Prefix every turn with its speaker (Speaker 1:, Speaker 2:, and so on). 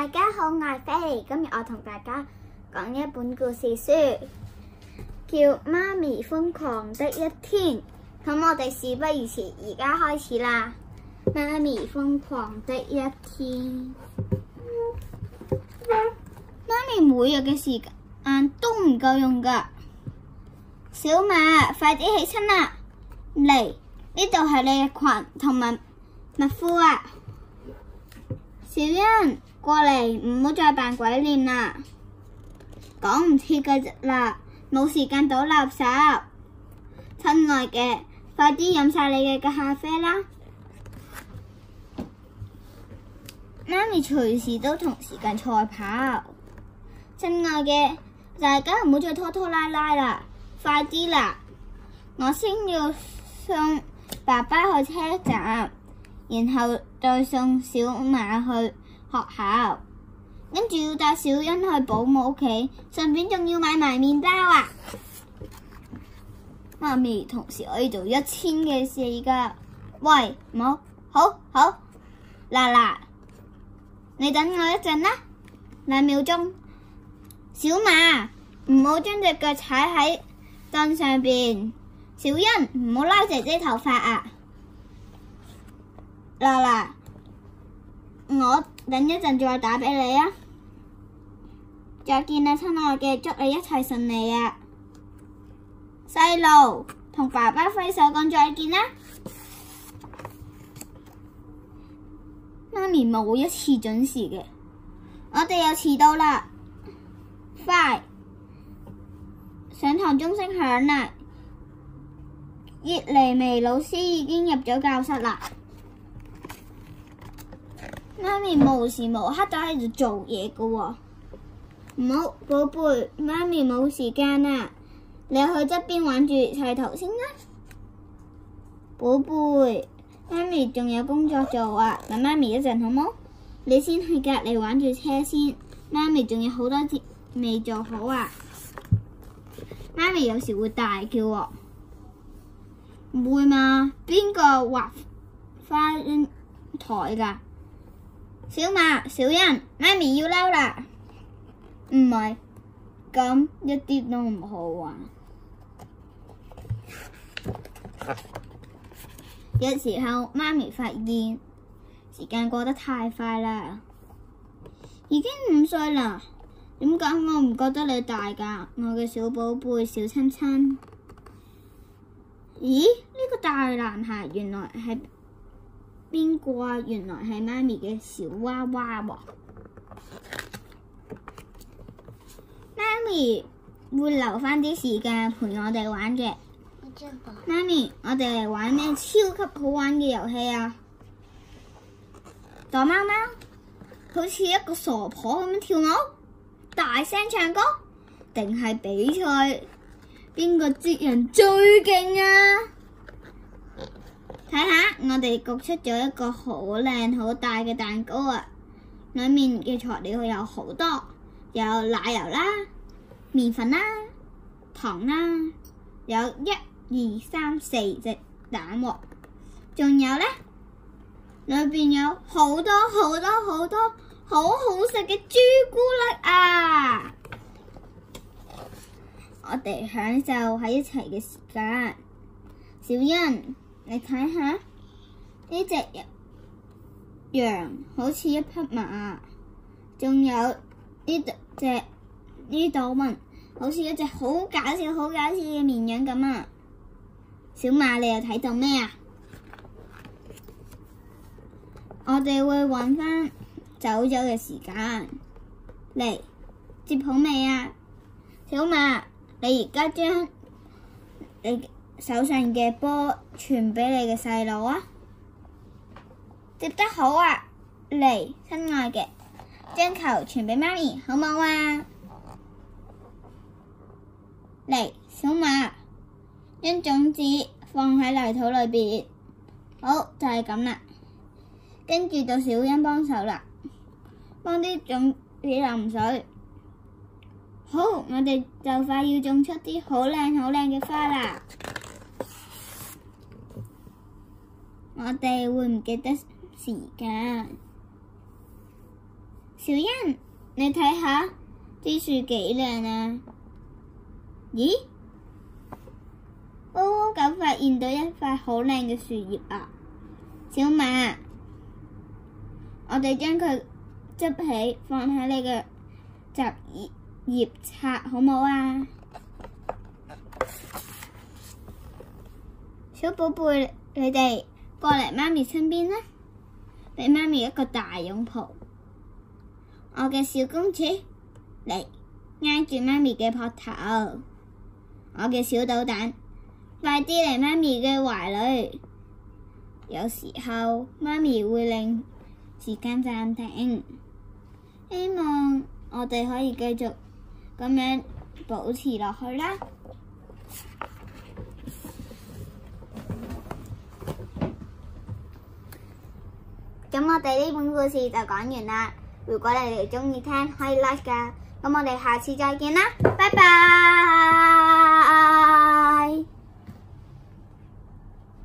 Speaker 1: 大家好，我係 Fay，今日我同大家講一本故事書，叫《媽咪瘋狂的一天》。咁我哋事不宜遲，而家開始啦，《媽咪瘋狂的一天》。媽咪每日嘅時間都唔夠用㗎，小馬快啲起身啦！嚟呢度係你嘅裙同埋襪褲啊，小欣。過嚟，唔好再扮鬼臉啦！講唔切㗎啦，冇時間倒垃圾。親愛嘅，快啲飲晒你嘅咖啡啦！媽咪隨時都同時間賽跑。親愛嘅，大家唔好再拖拖拉拉啦，快啲啦！我先要送爸爸去車站，然後再送小馬去。學校，跟住要帶小欣去保姆屋企，順便仲要買埋麵包啊！媽咪同時可以做一千嘅事噶，喂，冇，好，好，嗱嗱，你等我一陣啦，兩秒鐘，小馬唔好將隻腳踩喺凳上邊，小欣唔好拉姐姐頭髮啊，嗱嗱，我。等一陣再打畀你啊！再見啦，親愛嘅，祝你一切順利啊！細路同爸爸揮手講再見啦！媽咪冇一次準時嘅，我哋又遲到啦！快，上堂鐘聲響啦！葉麗薇老師已經入咗教室啦。媽咪無時無刻都喺度做嘢㗎喎。唔好，寶貝，媽咪冇時間啊！你去側邊玩住砌頭先啦，寶貝，媽咪仲有工作做啊！等媽咪一陣好冇？你先去隔籬玩住車先，媽咪仲有好多節未做好啊！媽咪有時會大叫喎，唔會嘛？邊個畫花台噶？小馬、小人，媽咪要嬲啦。唔係，咁一啲都唔好玩。 有時候媽咪發現時間過得太快啦，已經五歲啦。點解我唔覺得你大㗎？我嘅小寶貝、小親親。咦？呢個大男孩原來係。邊個啊？原來係媽咪嘅小娃娃喎、啊。媽咪會留翻啲時間陪我哋玩嘅。媽咪，我哋嚟玩咩超級好玩嘅遊戲啊？躲貓貓，好似一個傻婆咁樣跳舞，大聲唱歌，定係比賽邊個接人最勁啊？睇下，我哋焗出咗一個好靚、好大嘅蛋糕啊！裏面嘅材料有好多，有奶油啦、麵粉啦、糖啦，有一二三四隻蛋黃啊。仲有咧，裏邊有多多多好多好多好多好好食嘅朱古力啊！我哋享受喺一齊嘅時間，小欣。你睇下呢隻羊好似一匹馬，仲有呢隻呢度雲好似一隻好搞笑、好搞笑嘅綿羊咁啊！小馬，你又睇到咩啊？我哋會搵翻走咗嘅時間嚟，接好未啊？小馬，你而家將你。手上嘅波傳俾你嘅細路啊！接得好啊！嚟，親愛嘅，將球傳俾媽咪，好唔好啊？嚟，小馬，將種子放喺泥土裏邊。好，就係咁啦。跟住就小欣幫手啦，幫啲種子淋水。好，我哋就快要種出啲好靚好靚嘅花啦！我哋會唔記得時間？小欣，你睇下啲樹幾靚啊！咦，哦、我發現到一塊好靚嘅樹葉啊！小馬，我哋將佢執起，放喺你嘅集葉冊好唔好啊？小寶貝，你哋。過嚟媽咪身邊啦，畀媽咪一個大擁抱。我嘅小公主，嚟挨住媽咪嘅膊頭。我嘅小搗蛋，快啲嚟媽咪嘅懷裏。有時候媽咪會令時間暫停，希望我哋可以繼續咁樣保持落去啦。咁我哋呢本故事就講完啦，如果你哋鍾意聽，可以 like 噶，咁我哋下次再見啦，拜拜。